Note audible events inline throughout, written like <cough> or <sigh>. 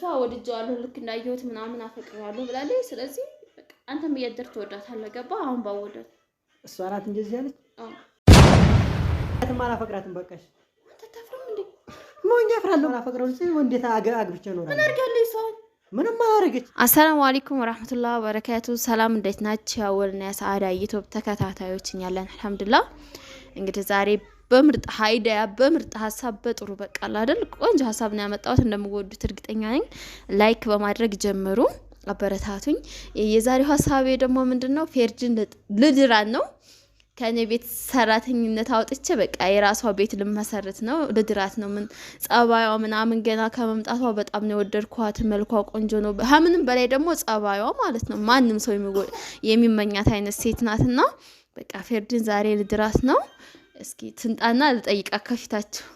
ከ ወድጀዋለሁ ልክ እንዳየሁት ምናምን አፈቅረዋለሁ ብላለች። ስለዚህ አንተም እያደር ትወዳታለህ። ገባ አሁን ባወዳት እሷ ናት እንደዚህ ያለች። አትማ አላፈቅራትም። በቃሽ አንተ ታፍረም እንዴ? ሞኝ አፍራለሁ። አላፈቅረው ልጅ ወንዴታ አግብቼ ነው ምን አድርጋለሁ ሰው ምንም አላረገች። አሰላሙ አለይኩም ወራህመቱላህ ወበረካቱ። ሰላም እንዴት ናችሁ? ያወልና የሰዓዳ ዩቲዩብ ተከታታዮች እኛለን አልሐምዱሊላህ። እንግዲህ ዛሬ በምርጥ ሀይዳያ በምርጥ ሀሳብ በጥሩ በቃል አይደል ቆንጆ ሀሳብ ነው ያመጣሁት። እንደምወዱት እርግጠኛ ነኝ። ላይክ በማድረግ ጀምሩ፣ አበረታቱኝ። የዛሬው ሀሳቤ ደግሞ ምንድን ነው? ፌርጅን ልድራት ነው ከእኔ ቤት ሰራተኝነት አውጥቼ በቃ የራሷ ቤት ልመሰርት ነው፣ ልድራት ነው። ምን ጸባዩዋ ምናምን ገና ከመምጣቷ በጣም ነው የወደድኳት። መልኳ ቆንጆ ነው። ከምንም በላይ ደግሞ ጸባዩዋ ማለት ነው ማንም ሰው የሚመኛት አይነት ሴት ናትና በቃ ፌርድን ዛሬ ልድራት ነው። እስኪ ትንጣና ልጠይቃት ከፊታቸው።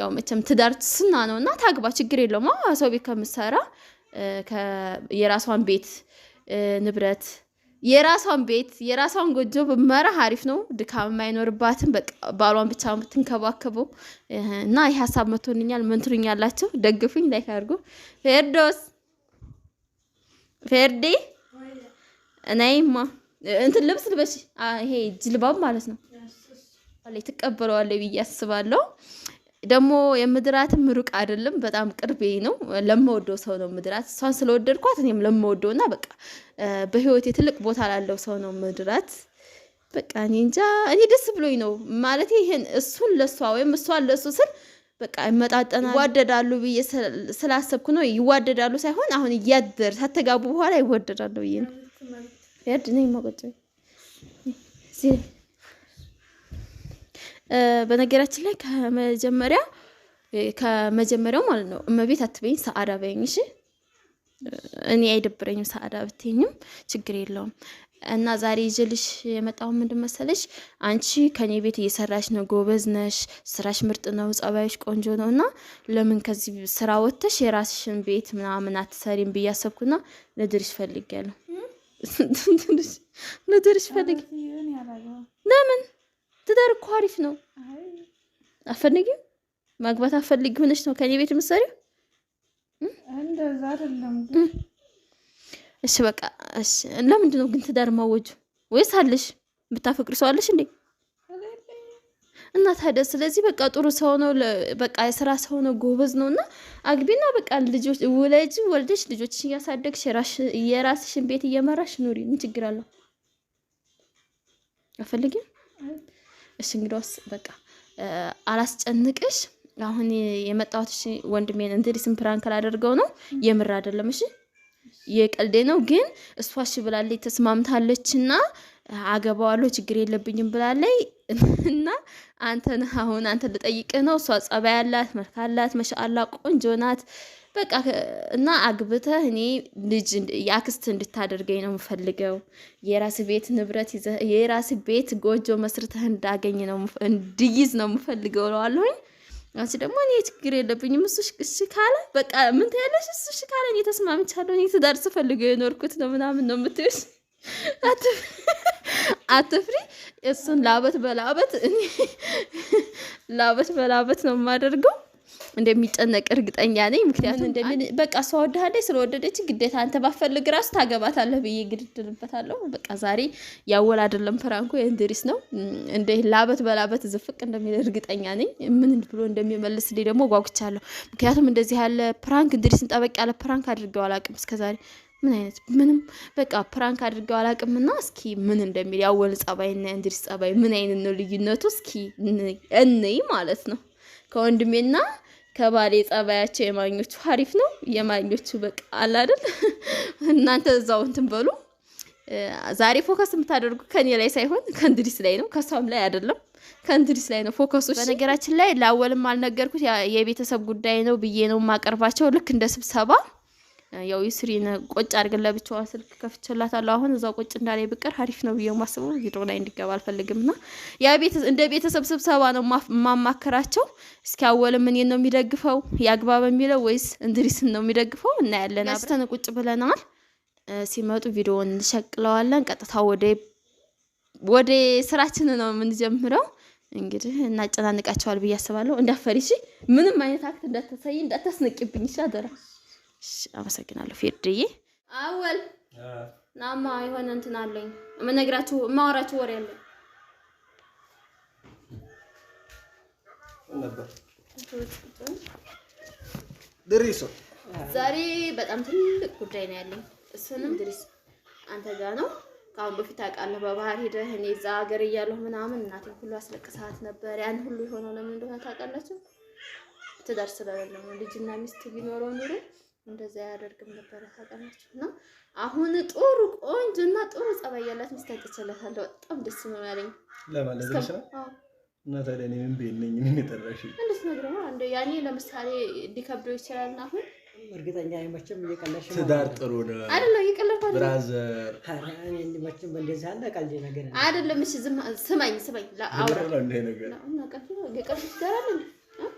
ያው መቼም ትዳር ስና ነው እና ታግባ ችግር የለውም። ሰው ቤት ከምትሰራ የራሷን ቤት ንብረት የራሷን ቤት የራሷን ጎጆ ብመራ አሪፍ ነው። ድካም አይኖርባትም። ባሏን ብቻ የምትንከባከበው እና ይህ ሀሳብ መቶንኛል። ምንትሩኝ ያላቸው ደግፉኝ፣ ላይክ አድርጉ። ፌርዶስ ፌርዴ እናይማ እንትን ልብስ ልበሽ፣ ይሄ ጅልባብ ማለት ነው። ትቀበለዋለች ብዬ አስባለሁ። ደግሞ የምድራትም ሩቅ አይደለም፣ በጣም ቅርቤ ነው። ለመወደው ሰው ነው ምድራት። እሷን ስለወደድኳት እኔም ለመወደው እና በቃ በህይወቴ ትልቅ ቦታ ላለው ሰው ነው ምድራት። በቃ እኔ እንጃ እኔ ደስ ብሎኝ ነው ማለት ይሄን እሱን ለእሷ ወይም እሷን ለእሱ ስል በቃ ይመጣጠናል፣ ይዋደዳሉ ብዬ ስላሰብኩ ነው። ይዋደዳሉ ሳይሆን አሁን እያደር ሳተጋቡ በኋላ ይዋደዳሉ ብዬ ነው ያድነኝ መቆጫ በነገራችን ላይ ከመጀመሪያ ከመጀመሪያው ማለት ነው እመቤት አትበኝ ሰአዳ በኝ እሺ። እኔ አይደብረኝም ሰአዳ ብትኝም ችግር የለውም። እና ዛሬ ይዤልሽ የመጣው ምንድን መሰለሽ፣ አንቺ ከኔ ቤት እየሰራሽ ነው፣ ጎበዝ ነሽ፣ ስራሽ ምርጥ ነው፣ ጸባዮሽ ቆንጆ ነው። እና ለምን ከዚህ ስራ ወጥተሽ የራስሽን ቤት ምናምን አትሰሪም ብዬ አሰብኩና ነድርሽ ፈልጌ ነው ነድርሽ ፈልጌ ለምን ትዳር እኮ አሪፍ ነው። አፈልጊም ማግባት አፈልጊ ሆነች ነው ከኔ ቤት የምትሰሪው? እንደዛ አይደለም። እሺ በቃ እሺ። ለምንድን ነው ግን ትዳር ማወጁ? ወይስ አለሽ ብታፈቅሪ ሰው አለሽ እንዴ? እና ታዲያ ስለዚህ በቃ ጥሩ ሰው ነው፣ በቃ የስራ ሰው ነው፣ ጎበዝ ነው። እና አግቢና በቃ ልጆች ውለጅ ወልደሽ ልጆች እያሳደግሽ የራስሽን ቤት እየመራሽ ኑሪ። ምን ችግር አለው? አፈልጊም እሺ እንግዲያውስ በቃ አላስጨንቅሽ። አሁን የመጣሁት እሺ ወንድሜን እንድሪስም ፕራንክ ላደርገው ነው። የምር አይደለም እሺ፣ የቀልዴ ነው። ግን እሷ እሺ ብላለች ተስማምታለችና አገባዋለሁ ችግር የለብኝም ብላለይ እና አንተን አሁን አንተን ልጠይቅህ ነው። እሷ ጸባይ አላት፣ መልክ አላት፣ መሻአላ ቆንጆ ናት። በቃ እና አግብተህ እኔ ልጅ የአክስት እንድታደርገኝ ነው የምፈልገው። የራስ ቤት ንብረት ይዘህ የራስ ቤት ጎጆ መስርተህ እንዳገኝ ነው እንድይዝ ነው የምፈልገው እለዋለሁኝ። አንቺ ደግሞ እኔ ችግር የለብኝም እሱ እሺ ካለ በቃ ምን ትያለሽ? እሱ እሺ ካለ እኔ ተስማምቻለሁ። እኔ ትዳር ስፈልገው የኖርኩት ነው ምናምን ነው የምትይሽ። አትፍሪ። እሱን ላበት በላበት ላበት በላበት ነው የማደርገው። እንደሚጨነቅ እርግጠኛ ነኝ። ምክንያቱም እንደምን በቃ እሷ ወዳሃለች። ስለወደደች ግዴታ አንተ ባፈልግ ራሱ ታገባታለህ ብዬ ግድድልበታለሁ። በቃ ዛሬ ያወል አይደለም ፍራንኮ የእንድሪስ ነው። እንደ ላበት በላበት ዝፍቅ እንደሚል እርግጠኛ ነኝ። ምን ብሎ እንደሚመልስ ላይ ደግሞ ጓጉቻለሁ። ምክንያቱም እንደዚህ ያለ ፕራንክ እንድሪስን ጠበቅ ያለ ፕራንክ አድርገው አላውቅም እስከዛሬ ምን አይነት ምንም በቃ ፕራንክ አድርገው አላውቅም። እስኪ ምን እንደሚል ያወል ጸባይና እንድሪስ ጸባይ ምን አይነት ነው ልዩነቱ? እስኪ እንይ ማለት ነው ከወንድሜና ከባሌ ጸባያቸው የማኞቹ አሪፍ ነው። የማኞቹ በቃ አለ አይደል? <laughs> እናንተ እዛው እንትን በሉ። ዛሬ ፎከስ የምታደርጉ ከኔ ላይ ሳይሆን ከእንድሪስ ላይ ነው፣ ከሷም ላይ አይደለም፣ ከእንድሪስ ላይ ነው ፎከሱ። በነገራችን ላይ ላወልም አልነገርኩት የቤተሰብ ጉዳይ ነው ብዬ ነው የማቀርባቸው ልክ እንደ ስብሰባ ያው ዩስሪን ቁጭ አድርገን ለብቻዋ ስልክ ከፍቼላታለሁ። አሁን እዛው ቁጭ እንዳለ ብቀር አሪፍ ነው ብዬ ማስበው ቪዲዮ ላይ እንዲገባ አልፈልግም እና ያ ቤት እንደ ቤተሰብ ስብሰባ ነው ማማከራቸው። እስኪ አወልም እኔን ነው የሚደግፈው ያግባብ የሚለው ወይስ እንድሪስን ነው የሚደግፈው? እናያለን። አብረን ቁጭ ብለናል። ሲመጡ ቪዲዮውን እንሸቅለዋለን። ቀጥታ ወደ ወደ ስራችን ነው የምንጀምረው። እንግዲህ እናጨናንቃቸዋል ብዬ አስባለሁ። እንዳፈሪ እሺ፣ ምንም አይነት አክት እንዳታሳይ እንዳታስነቂብኝ፣ ይሻ አደራ አመሰግናለሁ ፌርድዬ። አወል ናማ የሆነ እንትን አለኝ የምነግራችሁ የማወራችሁ ወሬ አለኝ ድሪሶ ዛሬ በጣም ትልቅ ጉዳይ ነው ያለኝ። እሱንም ድሪስ አንተ ጋ ነው። ከአሁን በፊት አውቃለሁ በባህር ሄደህ እኔ እዛ ሀገር እያለሁ ምናምን እናቴ ሁሉ አስለቅሰሃት ነበር። ያን ሁሉ የሆነው ለምን እንደሆነ ታውቃላችሁ? ትዳር ስለሌለው ነው። ልጅና ሚስት ቢኖረው ኑሮ እንደዛ ያደርግም ነበረ ታውቃላችሁ። እና አሁን ጥሩ ቆንጆ እና ጥሩ ጸባይ ያላት ሚስት አግኝቼላታለሁ። በጣም ደስ ነው ያለኝ። እና ታዲያ እኔ ምን ቤት ነኝ? ምን የጠራሽ? እንዴት ነው ደግሞ እንደ ያኔ ለምሳሌ ሊከብደው ይችላል። እና አሁን እርግጠኛ ነኝ መቼም እየቀለሽ ነው። ትዳር ጥሩ ነው አይደለም? እየቀለድኩ ብራዘር። እኔ መቼም በእንደዚህ ያለ ቀልድ ነገር አይደለም። እሺ ዝም ስማኝ፣ ስማኝ ለአውራ ነው እንደ ነገር እና ቀልድ የቀልድ ትዳር አለ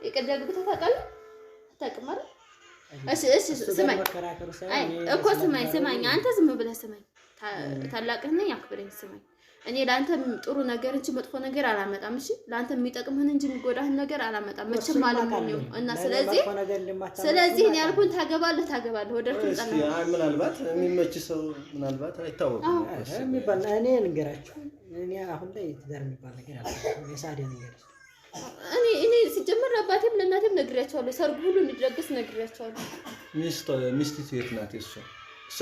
የቀልድ ያግብታ ታውቃለህ? አታውቅም አይደል እሺ፣ እሺ፣ ስማኝ እኮ ስማኝ፣ ስማኝ፣ አንተ ዝም ብለህ ስማኝ። ታላቅህ ነኝ፣ አክብረኝ፣ ስማኝ። እኔ ለአንተ ጥሩ ነገር እንጂ መጥፎ ነገር አላመጣም። እሺ ለአንተ የሚጠቅምህን እንጂ የሚጎዳህን ነገር አላመጣም መቼም አላገኘሁም። እና ስለዚህ ስለዚህ እኔ ያልኩህን ታገባለህ ታገባለህ። ወደርቱ ጠና አይ ምናልባት የሚመች ሰው ምናልባት አይታወቅም የሚባል እኔ ንገራችሁ። እኔ አሁን ላይ ትዳር የሚባል ነገር አለ የሳዴ ነገር እኔ እኔ ሲጀመር አባቴም ለእናቴም ነግሬያቸዋለሁ። ሰርጉ ሁሉ እንዲደግስ ነግሬያቸዋለሁ። ሚስቲቱ የት ናት? እሷ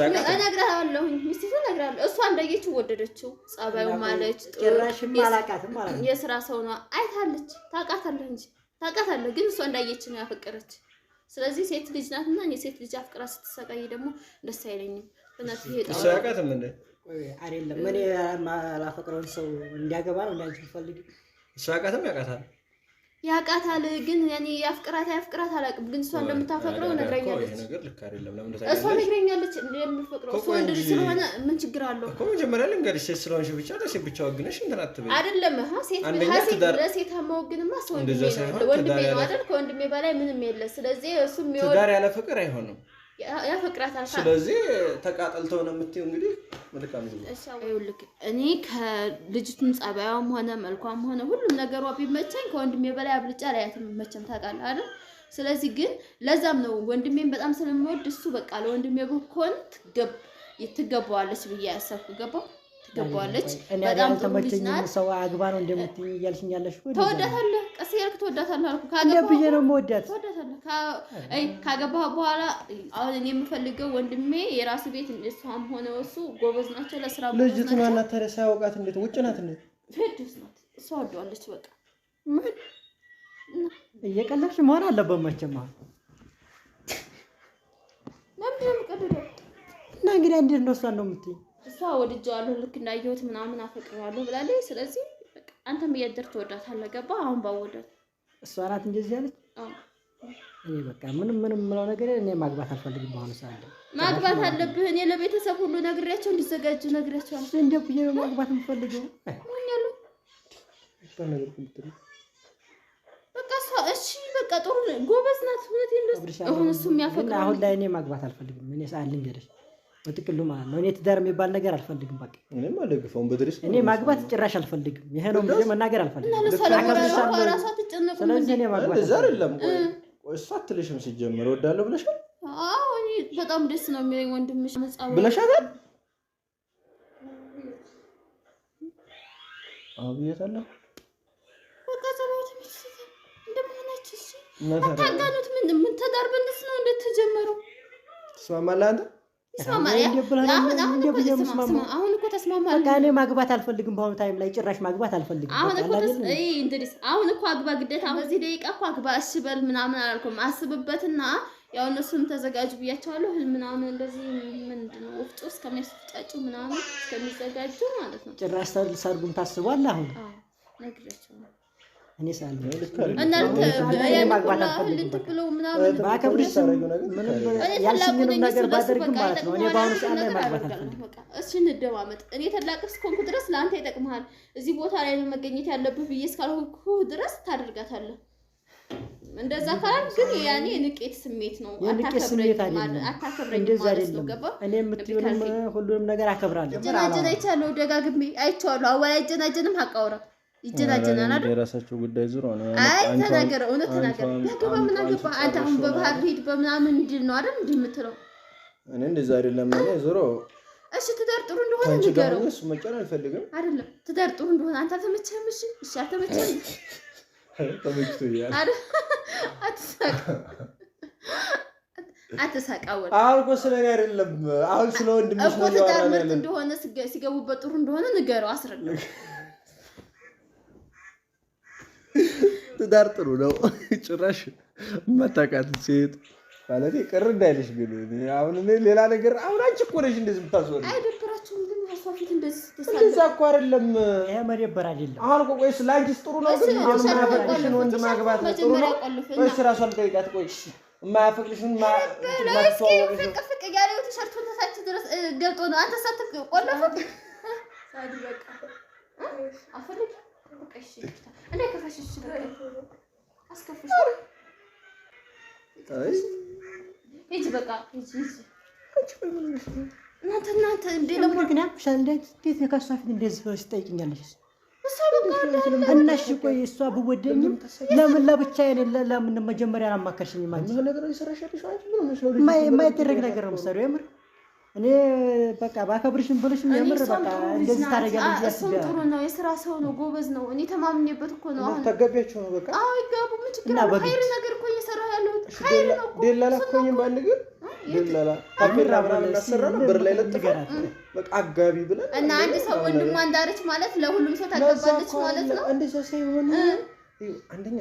እነግርሃለሁኝ። ሚስቲቱ እነግርሃለሁ። እሷ እንዳየችው ወደደችው። ጸባዩ ማለች ጥሩ ማለት የስራ ሰው ነው። አይታለች፣ ታውቃታለህ እንጂ ታውቃታለህ። ግን እሷ እንዳየች ነው ያፈቀረች። ስለዚህ ሴት ልጅ ናትና እኔ ሴት ልጅ አፍቅራ ስትሰቃይ ደግሞ ደስ አይለኝም። አይደለም እኔ ማላፈቅረውን ሰው እንዲያገባ ነው እንዳንቺ ፈልግ እሷ ያውቃትም ያውቃታል ያውቃታል ግን ያኔ ያፍቅራት ያፍቅራት አላውቅም። ግን እሷ እንደምታፈቅረው ነግረኛለች። እሷ ነግረኛለች እንደምትፈቅረው እሱ ወንድ ስለሆነ ምን ችግር አለው እኮ መጀመሪያ ልንገርሽ፣ ሴት ስለሆንሽ ብቻ ለሴት ብቻ ወግነሽ እንትን አትበይ። አይደለም ለሴት መወግንማ ሰው ወንድሜ ነው አይደል? ከወንድሜ በላይ ምንም የለ። ስለዚህ እሱ ትዳር ያለ ፍቅር አይሆንም። ያፈቅራታል። ስለዚህ ተቃጠልተው ነው የምትይው። እንግዲህ መልካም ይኸውልህ፣ እኔ ከልጅቱም ጸባያም ሆነ መልኳም ሆነ ሁሉም ነገሯ ቢመቸኝ ከወንድሜ በላይ አብልጫ ላያትም መቸም ታውቃለህ አይደል? ስለዚህ ግን ለዛም ነው ወንድሜን በጣም ስለምወድ እሱ በቃ ለወንድሜ ብኮን ትገባዋለች ብዬ ያሰብኩ ገባው ትገባዋለች። በጣም ተመቸኝ ሰው አግባ ነው እንደምትይኝ እያልሽኝ ያለሽ ትወዳታለህ። ቀስ እያልክ ትወዳታለህ አልኩ። ብዬ ነው የምወዳት ካገባ በኋላ አሁን እኔ የምፈልገው ወንድሜ የራሱ ቤት እሷም ሆነ እሱ ጎበዝ ናቸው ለስራ ልጅቱ ናት። ታዲያ ሳያውቃት እንዴት ውጭ ናት እንዴት ፌድስ ናት። እሷ ወደዋለች። በቃ ምን እየቀለድሽ መሆን አለበት መቼም አሁን ለምንድን ነው የምቀልደው? እና እንግዲህ እንዴት ነው እሷን ነው የምትይኝ ወድጄዋለሁ ልክ እንዳየሁት ምናምን አፈቅረዋለሁ ብላለች። ስለዚህ አንተም እያደር ትወዳታለህ። ገባ አሁን ባወዳት እሷ ናት እንደዚህ ያለች። እኔ በቃ ምንም ምንም የምለው ነገር እኔ ማግባት አልፈልግም። በአሁኑ ሰዓት ማግባት አለብህ። እኔ ለቤተሰብ ሁሉ ነግሬያቸው እንዲዘጋጁ ነግሬያቸዋለሁ። እንደ ብዬ ነው ማግባት የምፈልገው። ሆኛለሁ በቃ እሷ እሺ፣ በቃ ጥሩ ጎበዝ ናት። እሱ ነው። አሁን ላይ እኔ ማግባት አልፈልግም። እኔ ሰዓት ልንገርሽ በጥቅሉ ማለት ነው። እኔ ትዳር የሚባል ነገር አልፈልግም። በቃ እኔ ማግባት ጭራሽ አልፈልግም። ይሄ ነው መናገር አልፈልግም። እሷ አትልሽም ሲጀምር እወዳለሁ ብለሻል። በጣም ደስ ነው የሚለኝ ወንድምሽ ብለሻታል። አብየታለሁ በቃ ምን ምን ተዳር በእንደስ ነው እንደተጀመረው ትስማማለህ አንተ አሁን እኮ በቃ እኔ ማግባት አልፈልግም። በአሁኑ ታይም ላይ ጭራሽ ማግባት አልፈልግም። አሁን እኮ አግባ ግዴታ። ደቂቃ እኮ አግባ እሺ በል ምናምን አላልኩም። አስብበትና ያው እነሱም ተዘጋጁ ብያቸዋለሁ። ምናምን እንደዚህ ምንድን ነው ወፍጮ ምናምን እስከሚዘጋጁ ማለት ነው። ጭራሽ ሰርጉም ታስቧል አሁን እኔ እናንተ ያልሽኝንም ነገር ነው። እኔ በአሁኑ ሰዓት ላይ እሺ እንደማመጥ እኔ ተላቅ እስከሆንኩ ድረስ ለአንተ ይጠቅምሃል። እዚህ ቦታ ላይ ነው መገኘት ያለብህ ብዬ እስካልሆንኩ ድረስ ታደርጋታለህ። እንደዛ ካላል ግን ያኔ የንቄት ስሜት ነው። የንቄት ስሜት አታከብረኝ ማለት ነው። እኔ የምትሆንም ሁሉንም ነገር አከብራለሁ። ደጋግሜ አይቼዋለሁ። ይጀናጀናል አይደል? የራሳቸው ጉዳይ ዙሮ ነው። አይ ተናገረ፣ እውነት ተናገረ። ያገባ ምን አገባ አንተ? አሁን በባህር ሂድ በምናምን እንድል ነው አይደል? እንዲህ የምትለው እኔ እንደዛ አይደለም። እኔ ዙሮ እሺ፣ ትዳር ጥሩ እንደሆነ ንገረው። እሱ መጫን አልፈልግም። አይደለም ትዳር ጥሩ እንደሆነ አንተ አልተመቸህም። እሺ፣ እሺ፣ አልተመቸህም። ተመችቶኛል አይደል? አትሳቅ፣ አትሳቅ። አወል አሁን እኮ ስለኔ አይደለም። አሁን ስለ ወንድምሽ ነው ያለው። ትዳር ምርጥ እንደሆነ ሲገቡበት ጥሩ እንደሆነ ንገረው፣ አስረዳው ትዳር ጥሩ ነው። ጭራሽ መታቃት ሴት ማለት ቅር እንዳይልሽ ግን አሁን ሌላ ነገር አሁን አንቺ እኮ ነሽ እንደዚህ የምታስወሪ። እንደዛ እኮ አይደለም መደበር አይደለም። አሁን ቆይስ ለአንቺስ ጥሩ ነው። ግን የማያፈቅርሽን ወንድ ማግባት ጥሩ ነው ወይስ ራሷን ጠይቃት። ቆይ የማያፈቅርሽን ፍቅ ፍቅ እያለ ቲሸርቱን ተሳች ድረስ ገብቶ ነው። አንተ ሳትቆለፈ አፈልግ እናሽ ቆይ እሷ ብወደኝም ለምን ለብቻ ለምን መጀመሪያ አማካሽኝ? የማይደረግ ነገር ነው የምር እኔ በቃ ባከብርሽም ብልሽም የምር በቃ እንደዚህ ታደርጊያለሽ። እሱም ጥሩ ነው፣ የስራ ሰው ነው፣ ጎበዝ ነው። እኔ ተማምኜበት እኮ ነው። አሁን ተገቢያቸው ነው። በቃ አዎ፣ ይጋቡ። ምን ችግር አለ? ኸይር ነገር እኮ እየሰራ ያለው ኸይር ነው እኮ። ደላላ እኮ ነው ባንድ ግን ደላላ ካሜራ ምናምን እናሰራ ነው ብር ላይ ለጥፈን በቃ አጋቢ ብለን እና አንድ ሰው ወንድሟ እንዳረች ማለት ለሁሉም ሰው ታገባለች ማለት ነው። አንድ ሰው ሳይሆን አንደኛ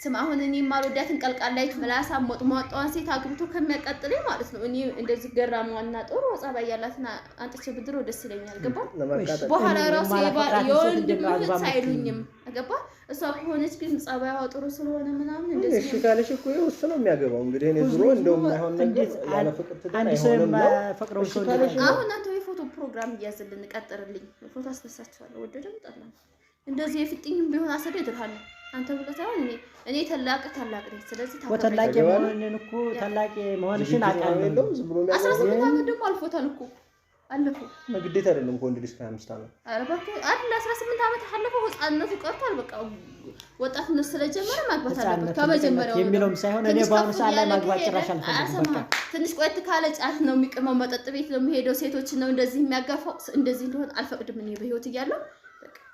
ስማ አሁን እኔ የማልወዳትን ቀልቃላይት ምላሳ ሞጥሟጧን ሴት አግብቶ ከሚያቃጥለኝ ማለት ነው እኔ እንደዚህ ገራሟና ጥሩ ጸባይ ያላትን አንጥቼ ብድሮ ደስ ይለኛል። ገባ በኋላ ራሱ የወንድም እህት አይሉኝም። ገባ እሷ ከሆነች ግን ጸባይዋ ጥሩ ስለሆነ ምናምን እንደዚህ ካለሽ እኮ እሱ ነው የሚያገባው። እንግዲህ እኔ እንደውም አሁን አንተ ፕሮግራም እያዝልን ቀጥርልኝ፣ ፎቶ እንደዚህ የፍጥኝም ቢሆን አሰደ ይድርሃለሁ አንተ ብሎ ሳይሆን እኔ እኔ ታላቅ ታላቅ ነኝ። ስለዚህ ታላቅ መሆንን እኮ ታላቅ መሆንሽን አውቃለሁ። አስራ ስምንት ዓመት ደግሞ አልፎታል እኮ አለፈው። ግዴታ አይደለም እኮ ወንድ ልጅ ከአምስት ዓመት አይደል አስራ ስምንት ዓመት አለፈው። ህፃንነቱ ቀርቷል። በቃ ወጣትነት ስለጀመረ ማግባት አለበት ከመጀመሪያው የሚለውም ሳይሆን እኔ በአሁኑ ሰዓት ላይ ማግባት ጭራሽ አልፈልግም። ትንሽ ቆየት ካለ ጫት ነው የሚቅመው፣ መጠጥ ቤት ነው የሚሄደው፣ ሴቶችን ነው እንደዚህ የሚያጋፋው። እንደዚህ እንደሆነ አልፈቅድም እኔ በህይወት እያለሁ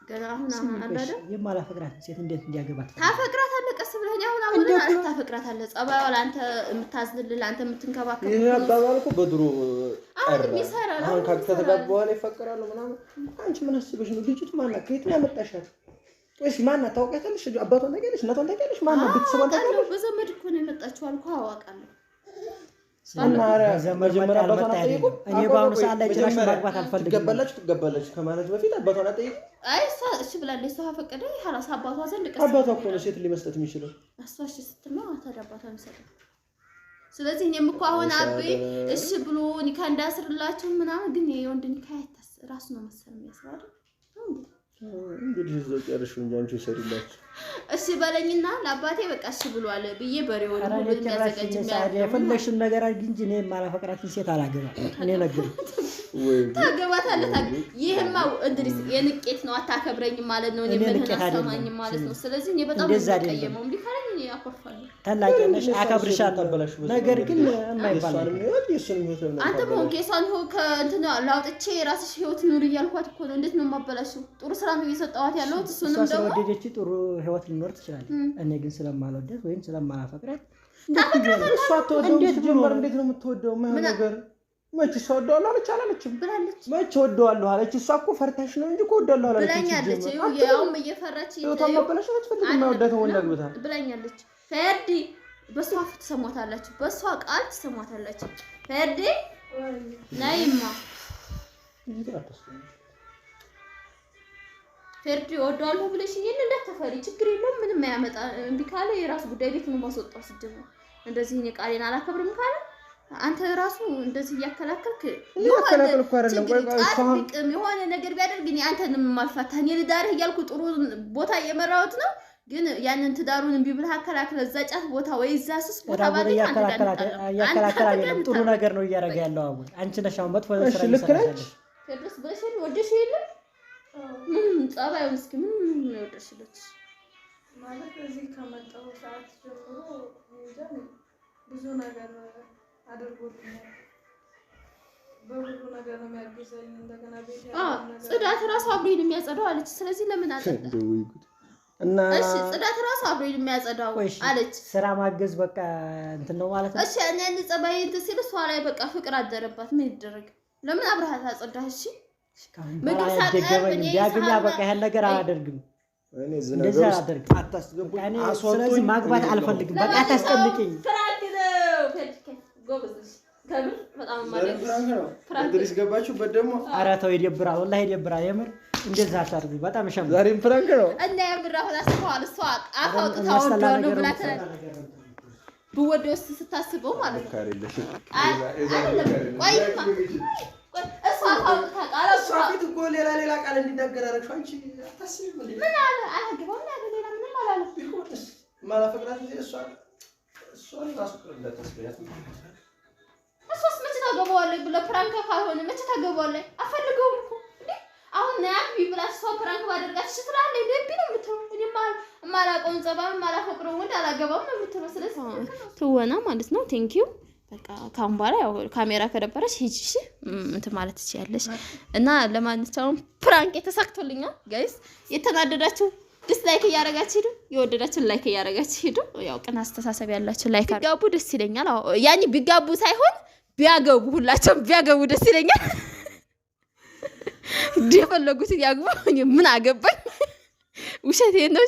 ገና አሁን አሁን አለ አይደል የማላፈቅራት ሴት እንዴት እንዲያገባት ታፈቅራታለህ? ቀስ ብለህ አሁን አሁን አለ ጸባይዋ ለአንተ የምታዝንልህ ለአንተ የምትንከባከብ ይሄ አባባል እኮ በድሮ አሁን ከተጋባ በኋላ ይፈቅራሉ ምናምን። አንቺ ምን አስበሽ ነው? ልጅቱ ማናት? ከየት ነው ያመጣሻት? እሺ ማናት? ታውቂያታለሽ? አባቷን ታውቂያለሽ? እናቷን ታውቂያለሽ? ማናት? ቤተሰቧን ታውቂያለሽ? በዘመድ እኮ ነው የመጣችው አልኩህ። አዋቃለሁ መጀመሪያ አባቷን አጠይቁም። እኔ በአሁኑ ሰዓት ላይ ጭራሽ ማግባት አልፈልግም። ትገባላችሁ ትገባላችሁ ከማለት በፊት አባቷን አጠይቁም። አይ እሺ ብላለች፣ እሷ ፈቀደ። ሀላስ አባቷ ዘንድ ቀስ አባቷ እኮ ነው ሴት ሊመስጠት የሚችለው። እሷ እሺ ስትል ነው አባቷ የሚሰጠው። ስለዚህ እኔም እኮ አሁን አቤ እሺ ብሎ ኒካ እንዳስርላችሁ ምናምን፣ ግን የወንድ ኒካ ያታስ ራሱ ነው መሰል የሚያስባሉ እንግዲህ እዛ ጨርሽው እንጂ አንቺ ሰሪላችሁ እሺ በለኝና ለአባቴ በቃ እሺ ብሏል ብዬ በሬውን ሁሉ የሚያዘጋጅ የሚያደርግ የፈለግሽን ነገር አድርጊ እንጂ እኔ የማላፈቅራትን ሴት አላገባም። እኔ ነገር ታገባታለህ። ይሄማ እንድሪስ የንቄት ነው። አታከብረኝም ማለት ነው። እኔ ምን አሰማኝም ማለት ነው። ስለዚህ እኔ በጣም ነው የምቀየመው። እምቢ ታላቅ ነሽ፣ አከብርሻለሁ። ነገር ግን አንተ በሆንክ የሷን ከእንትን ላውጥቼ የራስሽ ህይወት ኑር እያልኳት እኮ ነው። እንዴት ነው የማበላሹ? ጥሩ ስራ ነው እየሰጠኋት ያለሁት። እሱንም ደግሞ ወደደች፣ ጥሩ ህይወት ሊኖር ትችላለች። እኔ ግን ስለማልወዳት ወይም ስለማላፈቅራት እንዴት ጀመር? እንዴት ነው የምትወደው? ማይሆን ነገር መች እሷ ወደዋለሁ አለች አላለችም? ብላለች። መች ወደዋለሁ አለች? እሷ እኮ ፈርታሽ ነው እንጂ እኮ ወደዋለሁ አለች ብላኛለች። ያውም እየፈራች ነው። ታማበላሽ አትፈልግም። የማይወዳትን ወንድ አግብታ ብላኛለች። ፈርዲ በሷ አፍ ትሰሟታላችሁ፣ በሷ ቃል ትሰሟታላችሁ። ፈርዲ ናይማ ፈርዲ ወደዋለሁ ብለሽ ይሄን እንዳትፈሪ፣ ችግር የለውም ምንም ያመጣ። እምቢ ካለ የራሱ ጉዳይ ቤት ነው ማስወጣው። ስድብ እንደዚህ እኔ ቃሌን አላከብርም ካለ አንተ ራሱ እንደዚህ እያከላከልክ የሆነ ነገር ቢያደርግ እኔ አንተንም ማልፋታ እኔ ልዳርህ እያልኩ ጥሩ ቦታ እየመራሁት ነው ግን ያንን ትዳሩን እምቢ ብለህ አከራክረ እዛ ጫት ቦታ ወይ እዛ ሱስ ቦታ እያከራከራለ ጥሩ ነገር ነው እያደረገ ያለው አሁን። አንቺ ነሽ አሁን መጥፎ ስራ ልክነች ቴድሮስ በሽን ወደሽ የለ ምንም ጸባዩ ምስኪ ምንም የወደሽለች ማለት እዚህ ከመጣሁ ሰዓት ጀምሮ ብዙ ነገር አድርጎልኛል። ጽዳት ነው የሚያጸደው አለች። ስለዚህ ለምን አጠጣ እና እሺ ጽዳት ራሱ አብሮ የሚያጸዳው አለች። ስራ ማገዝ በቃ እንትን ነው ማለት ነው። እሺ እኔ እንደ ጸባይ እንትን ሲል እሷ ላይ በቃ ፍቅር አደረባት። ምን ይደረግ? ለምን አብረሃት አጸዳህ? እሺ ምግብ ሳቀርብ እኔ በቃ ያን ነገር አላደርግም። እኔ ስለዚህ ማግባት አልፈልግም። በቃ አታስቀምጪኝ። ፍራንክ ገባችሁበት ደግሞ። ኧረ ተው ይደብራል፣ ወላሂ ይደብራል የምር እንደዛ አታርጉ። በጣም ሸም ዛሬም ፍራንክ ነው እና ያምራ ሆና ስኳል እሷ አፍ አውጥታው ነው ብላ ብወደውስ ስታስበው ማለት ነው። ቆይማ እሷ አፍ ቃል እሷ ፊት እኮ ሌላ ሌላ ቃል እንዲናገር አንቺ። አታስቢ። ምን አለ አያገባም ና ሌላ ምንም እሷ እሷስ መቼ ታገባዋለች ብለህ ፍራንክ ካልሆነ መቼ ታገባዋለች? አፈልገውም ናያት ቢብላ ሰው ፕራንክ ባደርጋት ትችላለህ እንዴ ቢሉ የምትለው የማላውቀውን ጸባም የማላፈቅረውን ወንድ አላገባም ነው የምትለው። ስለዚህ ትወና ማለት ነው። ቴንክ ዩ በቃ ካሁን በኋላ ያው ካሜራ ከደበረች ሂጂ እሺ፣ እንትን ማለት ትችያለሽ። እና ለማንኛውም ፕራንክ የተሳክቶልኛል ጋይስ። የተናደዳችሁ ዲስላይክ እያደረጋችሁ ሂዱ፣ የወደዳችሁ ላይክ እያደረጋችሁ ሂዱ። ያው ቅን አስተሳሰብ ያላችሁ ላይክ ቢጋቡ ደስ ይለኛል። ያኔ ቢጋቡ ሳይሆን ቢያገቡ፣ ሁላቸውም ቢያገቡ ደስ ይለኛል። የፈለጉትን ያግባኝ ምን አገባኝ? ውሸቴ ነው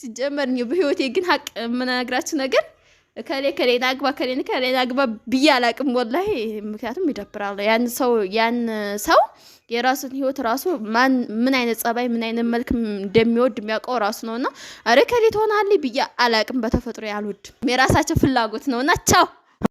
ሲጀመር። በህይወቴ ግን ሀቅ የምነግራችሁ ነገር ከሌ ከሌን አግባ ከሌን ከሌን አግባ ብዬ አላቅም ወላሂ። ምክንያቱም ይደብራል። ያን ሰው ያን ሰው የራሱን ህይወት ራሱ ማን ምን አይነት ጸባይ ምን አይነት መልክ እንደሚወድ የሚያውቀው ራሱ ነውና፣ አረ ከሌ ትሆናለች ብዬ አላቅም። በተፈጥሮ ያልወድም የራሳቸው ፍላጎት ነውና ቻው